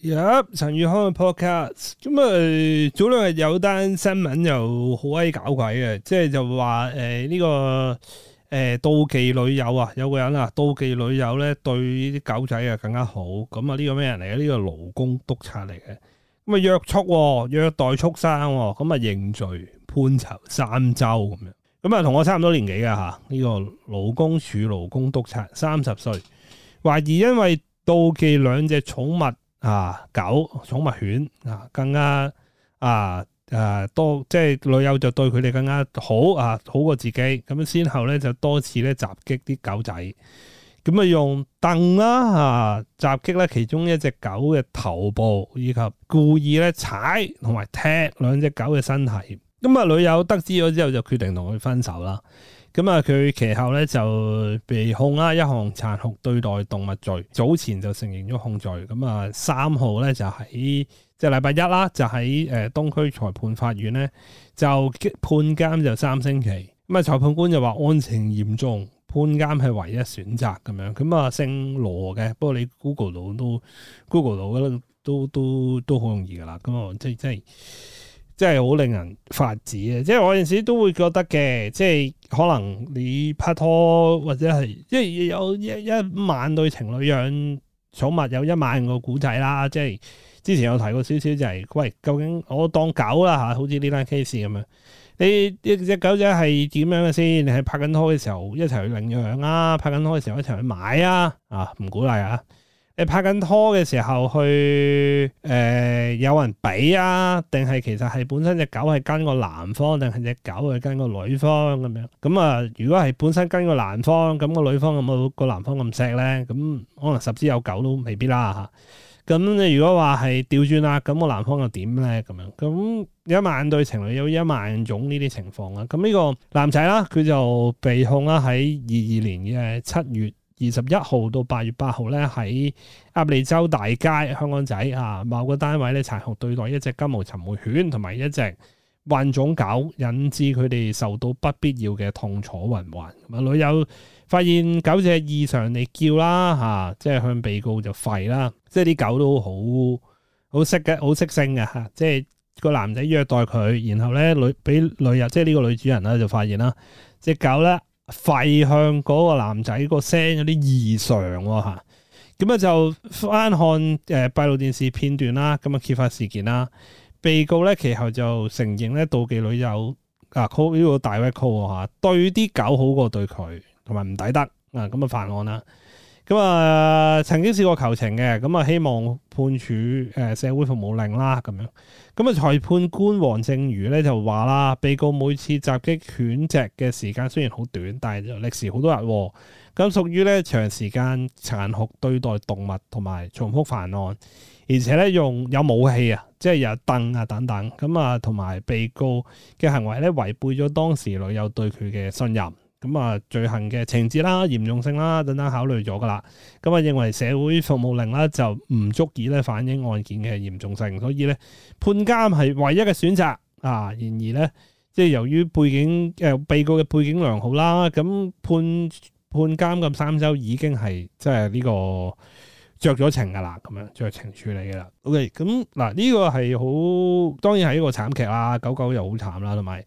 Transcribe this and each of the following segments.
陳宇、yep, 康嘅 podcast，咁、嗯、啊早兩日有單新聞又好鬼搞鬼嘅，即係就話誒呢個誒、呃、妒忌女友啊,有個人啊妒忌女友咧，對啲狗仔啊更加好。咁啊呢個咩人嚟嘅？呢、這個勞工督察嚟嘅，咁啊約束虐待畜生，咁、嗯、啊、嗯、認罪判囚三周咁樣，咁啊同我差唔多年紀嘅吓,呢、這個勞工處勞工督察，三十歲，懷疑因為妒忌兩隻寵物。啊狗寵物犬啊更加啊誒、啊、多即係女友就對佢哋更加好啊，好過自己咁、啊、先後咧就多次咧襲擊啲狗仔咁，啊用凳啦吓襲擊咧其中一隻狗嘅頭部以及故意咧踩同埋踢兩隻狗嘅身體咁，啊女友得知咗之後就決定同佢分手啦。咁啊，佢其後咧就被控啦，一項殘酷對待動物罪，早前就承認咗控罪。咁啊，三號咧就喺即係禮拜一啦，就喺誒東區裁判法院咧就判監就三星期。咁啊，裁判官就話案情嚴重，判監係唯一選擇咁樣。咁啊，姓羅嘅，不過你 Go Google 到都 Google 到都都都好容易噶啦。咁啊，即係即係。即係好令人髮指啊！即係我有陣時都會覺得嘅，即係可能你拍拖或者係，即係有一一萬對情侶養寵物，有一萬個古仔啦。即係之前有提過少少、就係，就係喂，究竟我當狗啦嚇，好似呢單 case 咁樣，你一隻狗仔係點樣嘅先？你係拍緊拖嘅時候一齊去領養啊，拍緊拖嘅時候一齊去買啊，啊唔鼓勵啊！你拍緊拖嘅時候去，誒、呃、有人俾啊？定係其實係本身隻狗係跟個男方，定係隻狗係跟個女方咁樣？咁啊，如果係本身跟個男方，咁個女方有冇個男方咁錫咧？咁可能十之有九都未必啦嚇。咁你如果話係調轉啦，咁個男方又點咧？咁樣咁一萬對情侶有一萬種呢啲情況啊。咁呢個男仔啦，佢就被控啦喺二二年嘅七月。二十一號到八月八號咧，喺鴨脷洲大街香港仔啊，某個單位咧殘酷對待一隻金毛尋回犬同埋一隻混種狗，引致佢哋受到不必要嘅痛楚困患。啊，女友發現狗隻異常地叫啦，嚇、啊，即係向被告就吠啦，即係啲狗都好好識嘅，好識性嘅嚇、啊，即係個男仔虐待佢，然後咧女俾女友即係呢個女主人咧就發現啦，隻狗咧。吠向嗰個男仔個聲有啲異常吓、哦，咁啊就翻看誒閉路電視片段啦，咁啊揭發事件啦，被告咧其後就承認咧妒忌女友，啊 call 呢、個大 wake call 吓，對啲狗好過對佢，同埋唔抵得啊，咁啊犯案啦。咁啊，曾經試過求情嘅，咁啊希望判處誒社會服務令啦，咁樣。咁啊，裁判官王正瑜咧就話啦，被告每次襲擊犬隻嘅時間雖然好短，但係歷時好多日喎，咁屬於咧長時間殘酷對待動物同埋重複犯案，而且咧用有武器啊，即係有凳啊等等，咁啊同埋被告嘅行為咧違背咗當時女友對佢嘅信任。咁、嗯、啊，罪行嘅情節啦、啊、嚴重性啦，等等考慮咗㗎喇。咁、嗯、啊，認為社會服務令呢就唔足以咧反映案件嘅嚴重性，所以呢判監係唯一嘅選擇啊。然而呢，即係由於背景誒、呃、被告嘅背景良好啦，咁、啊、判判監咁三週已經係即係呢個着咗情㗎喇，咁樣着情處理㗎喇。OK，咁嗱呢個係好當然係一個慘劇啦，狗狗又好慘啦，同埋。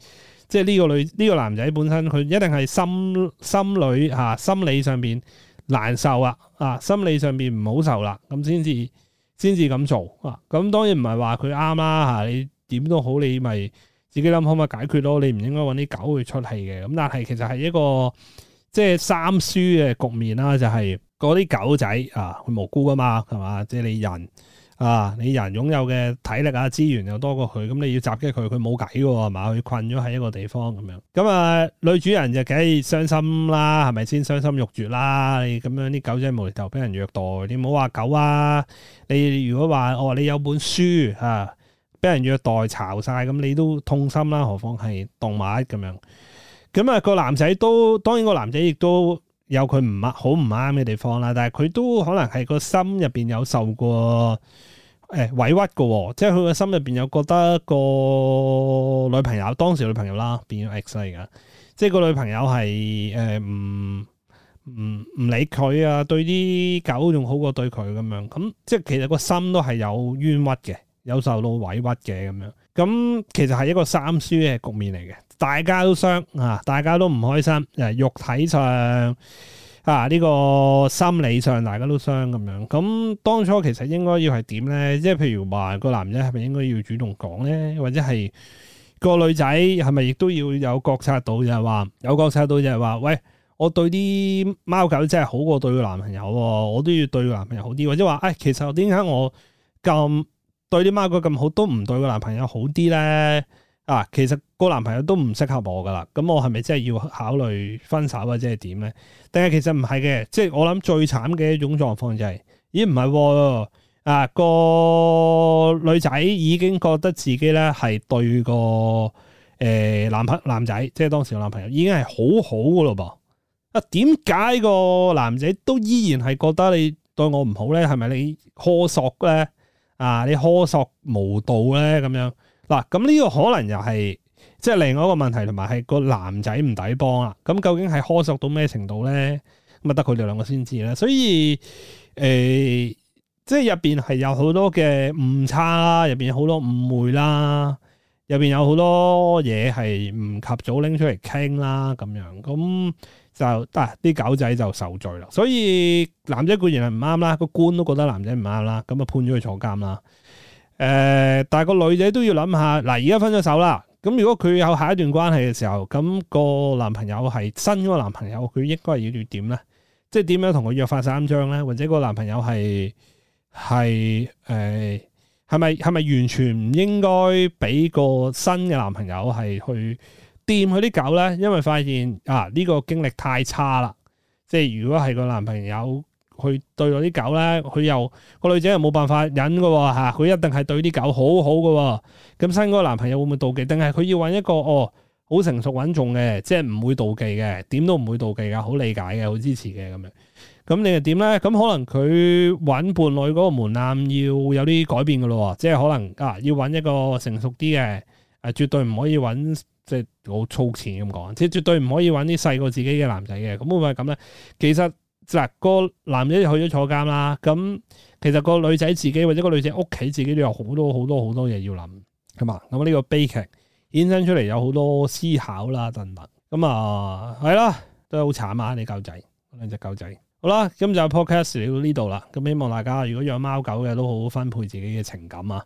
即係呢個女呢、呢個男仔本身，佢一定係心心裏嚇心理上邊難受啊！啊，心理上邊唔、啊、好受啦，咁先至先至咁做啊！咁當然唔係話佢啱啦嚇，你點都好，你咪自己諗可唔可解決咯？你唔應該揾啲狗去出氣嘅。咁、啊、但係其實係一個即係三輸嘅局面啦，就係嗰啲狗仔啊，佢無辜噶嘛，係嘛？即係你人。啊！你人擁有嘅體力啊、資源又多過佢，咁、嗯、你要襲擊佢，佢冇計㗎喎，係咪啊？佢困咗喺一個地方咁樣，咁、嗯、啊、呃、女主人就梗係傷心啦，係咪先傷心欲絕啦？咁樣啲狗仔係無厘頭俾人虐待，你唔好話狗啊！你如果話我、哦、你有本書啊，俾人虐待巢晒，咁、嗯、你都痛心啦，何況係動物咁樣？咁、嗯、啊、嗯、個男仔都當然個男仔亦都有佢唔好唔啱嘅地方啦，但係佢都可能係個心入邊有受過。誒委屈嘅，哦，即係佢個心入邊有覺得個女朋友，當時女朋友啦，變咗 ex 啦，而家即係個女朋友係誒唔唔唔理佢啊，對啲狗仲好過對佢咁樣，咁即係其實個心都係有冤屈嘅，有受到委屈嘅咁樣。咁其實係一個三輸嘅局面嚟嘅，大家都傷啊，大家都唔開心誒，啊，肉體上。啊！呢個心理上大家都傷咁樣，咁當初其實應該要係點咧？即係譬如話個男人係咪應該要主動講咧，或者係個女仔係咪亦都要有覺察到就，就係話有覺察到就係話，喂，我對啲貓狗真係好過對個男朋友，我都要對個男朋友好啲，或者話，哎，其實點解我咁對啲貓狗咁好，都唔對個男朋友好啲咧？啊，其實個男朋友都唔適合我噶啦，咁我係咪真係要考慮分手或者、就是就是、啊？即係點咧？定係其實唔係嘅，即係我諗最慘嘅一種狀況就係，咦唔係？啊，個女仔已經覺得自己咧係對個誒、呃、男朋男仔，即係當時個男朋友已經係好好噶咯噃。啊，點解個男仔都依然係覺得你對我唔好咧？係咪你苛索咧？啊，你苛索無度咧？咁樣？嗱，咁呢個可能又係即係另外一個問題，同埋係個男仔唔抵幫啦。咁究竟係苛索到咩程度咧？咁啊，得佢哋兩個先知啦。所以，誒、呃，即係入邊係有好多嘅誤差啦，入邊有好多誤會啦，入邊有好多嘢係唔及早拎出嚟傾啦，咁樣咁、嗯、就，但係啲狗仔就受罪啦。所以男仔固然係唔啱啦，個官都覺得男仔唔啱啦，咁啊判咗佢坐監啦。誒、呃，但係個女仔都要諗下，嗱，而家分咗手啦。咁如果佢有下一段關係嘅時候，咁、那個男朋友係新嗰個，呃個，啊這個、個男朋友，佢應該係要點點咧？即係點樣同佢約法三章咧？或者個男朋友係係誒，係咪係咪完全唔應該俾個新嘅男朋友係去掂佢啲狗咧？因為發現啊，呢個經歷太差啦。即係如果係個男朋友。佢對咗啲狗咧，佢又、個女仔又冇辦法忍嘅吓，佢一定係對啲狗好好嘅。咁新嗰個男朋友會唔會妒忌？定係佢要揾一個哦，好成熟穩重嘅，即係唔會妒忌嘅，點都唔會妒忌嘅，好理解嘅，好支持嘅咁樣。咁你又點咧？咁可能佢揾伴侶嗰個門檻要有啲改變噶咯，即係可能啊，要揾一個成熟啲嘅，誒、呃，絕對唔可以揾，即係好粗淺咁講，即係絕對唔可以揾啲細過自己嘅男仔嘅。咁會唔會係咁咧？其實。嗱，個男仔就去咗坐監啦。咁其實個女仔自己或者個女仔屋企自己都有好多好多好多嘢要諗，係嘛？咁呢個悲劇衍生出嚟有好多思考啦，等等。咁、嗯、啊，係啦，都係好慘啊！你狗仔兩隻狗仔，好啦，今集 podcast 嚟到呢度啦。咁希望大家如果養貓狗嘅都好，好好分配自己嘅情感啊，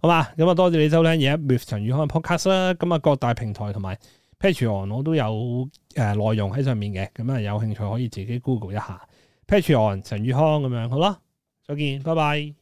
好嘛？咁啊，多謝你收聽而家 with 陳宇康嘅 podcast 啦。咁啊，各大平台同埋 Patreon 我都有誒內容喺上面嘅，咁啊，有興趣可以自己 Google 一下。p a t r o n 陳宇康，咁樣好啦，再見，拜拜。